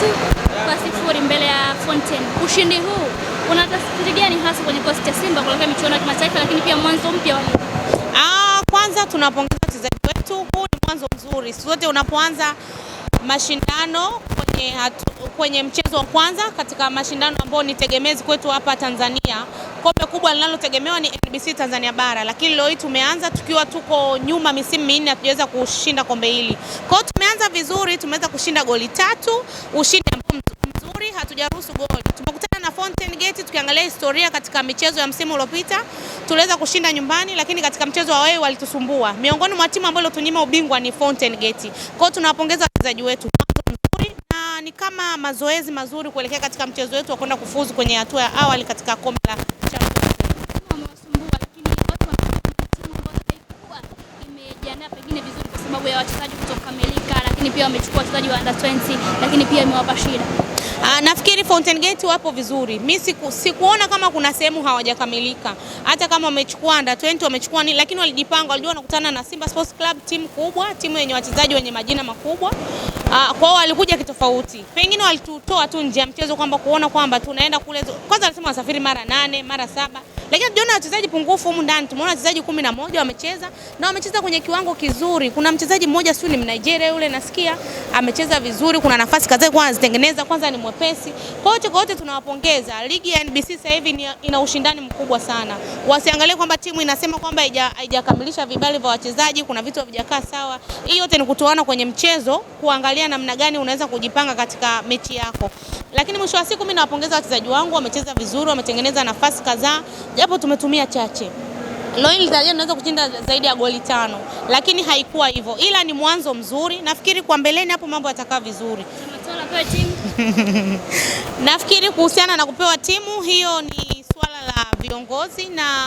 tatu kwa sifuri mbele ya Fountain. Ushindi huu una tafsiri gani hasa kwenye kikosi cha Simba kuelekea michuano ya kimataifa lakini pia mwanzo mpya wa ligi? Ah, kwanza tunapongeza wachezaji wetu. Huu ni mwanzo mzuri. Siku zote unapoanza mashindano kwenye, hatu, kwenye mchezo wa kwanza katika mashindano ambayo ni tegemezi kwetu hapa Tanzania kombe kubwa linalotegemewa ni NBC Tanzania Bara, lakini leo hii tumeanza tukiwa tuko nyuma misimu minne hatujaweza kushinda kombe hili. Kwa hiyo tumeanza vizuri, tumeweza kushinda goli tatu, ushindi ambao mzuri, hatujaruhusu goli. Tumekutana na Fountain Gate, tukiangalia historia katika michezo ya msimu uliopita tuliweza kushinda nyumbani, lakini katika mchezo wa wewe walitusumbua. Miongoni mwa timu ambayo tunyima ubingwa ni Fountain Gate. Kwa hiyo tunawapongeza wachezaji wetu ni kama mazoezi mazuri kuelekea katika mchezo wetu wa kwenda kufuzu kwenye hatua ya awali katika kombe la sababu ya wachezaji kutokamilika, lakini pia wamechukua wachezaji wa under 20, lakini pia imewapa shida. Uh, nafikiri Fountain Gate wapo vizuri. Mi siku, sikuona kama kuna sehemu hawajakamilika, hata kama wamechukua under 20 wamechukua nini, lakini walijipanga, walijua wanakutana na Simba Sports Club, timu kubwa, timu yenye wachezaji wenye majina makubwa. Uh, kwao walikuja kitofauti, pengine walitutoa tu nje ya mchezo, kwamba kuona kwamba tunaenda kule. Kwanza walisema wasafiri mara nane mara saba lakini tujaona wachezaji pungufu humu ndani, tumeona wachezaji kumi na moja wamecheza na wamecheza kwenye kiwango kizuri. Kuna mchezaji mmoja sio ni Nigeria yule nasikia amecheza vizuri, kuna nafasi kadhaa kwa anazitengeneza, kwanza ni mwepesi. Kwa hiyo wote tunawapongeza. Ligi ya NBC sasa hivi ina ushindani mkubwa sana, wasiangalie kwamba timu inasema kwamba haijakamilisha vibali vya wachezaji, kuna vitu havijakaa sawa. Hii yote ni kutoana kwenye mchezo, kuangalia namna gani unaweza kujipanga katika mechi yako, lakini mwisho wa siku mimi nawapongeza wachezaji wangu, wamecheza vizuri, wametengeneza nafasi kadhaa japo tumetumia chache. Loin litarajia kushinda zaidi ya goli tano, lakini haikuwa hivyo, ila ni mwanzo mzuri. Nafikiri kwa mbeleni hapo mambo yatakaa vizuri. Nafikiri kuhusiana na kupewa timu hiyo ni swala la viongozi na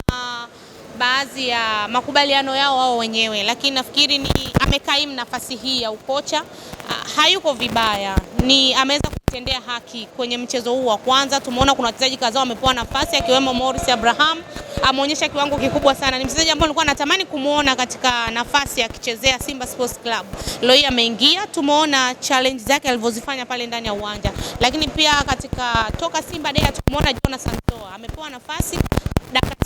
baadhi ya makubaliano yao wao wenyewe, lakini nafikiri ni amekaimu nafasi hii ya ukocha, ah, hayuko vibaya, ni ameweza kuitendea haki kwenye mchezo huu wa kwanza. Tumeona kuna wachezaji kadhaa wamepewa nafasi akiwemo Morris Abraham, ameonyesha kiwango kikubwa sana. Ni mchezaji ambaye nilikuwa natamani kumuona katika nafasi ya kichezea Simba Sports Club. Leo hii ameingia, tumeona challenge zake alizozifanya pale ndani ya uwanja, lakini pia katika toka Simba Day tumeona Jonas Santoa amepewa nafasi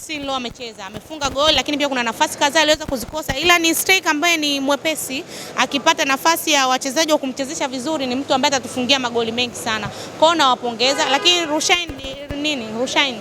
Sinlo amecheza, amefunga goli, lakini pia kuna nafasi kadhaa aliweza kuzikosa, ila ni Steik ambaye ni mwepesi, akipata nafasi ya wachezaji wa kumchezesha vizuri, ni mtu ambaye atatufungia magoli mengi sana kwao, nawapongeza. Lakini Rushain nini, Rushain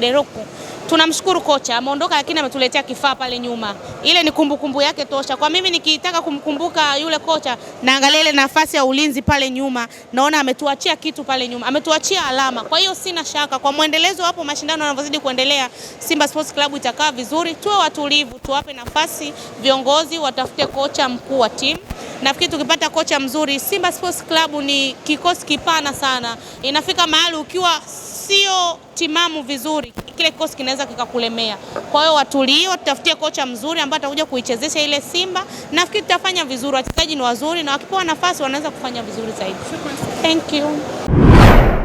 Deroku tunamshukuru kocha ameondoka, lakini ametuletea kifaa pale nyuma. Ile ni kumbukumbu kumbu yake tosha. Kwa mimi nikitaka kumkumbuka yule kocha, naangalia ile nafasi ya ulinzi pale nyuma, naona ametuachia kitu pale nyuma, ametuachia alama. Kwa hiyo sina shaka kwa mwendelezo hapo, mashindano yanavyozidi kuendelea, Simba Sports Club itakaa vizuri. Tuwe watulivu, tuwape nafasi viongozi, watafute kocha mkuu wa timu Nafikiri tukipata kocha mzuri Simba Sports Club ni kikosi kipana sana, inafika mahali ukiwa sio timamu vizuri, kile kikosi kinaweza kikakulemea. Kwa hiyo watulie, watafutie kocha mzuri ambaye atakuja kuichezesha ile Simba. Nafikiri tutafanya vizuri, wachezaji ni wazuri na wakipewa nafasi wanaweza kufanya vizuri zaidi. Thank you.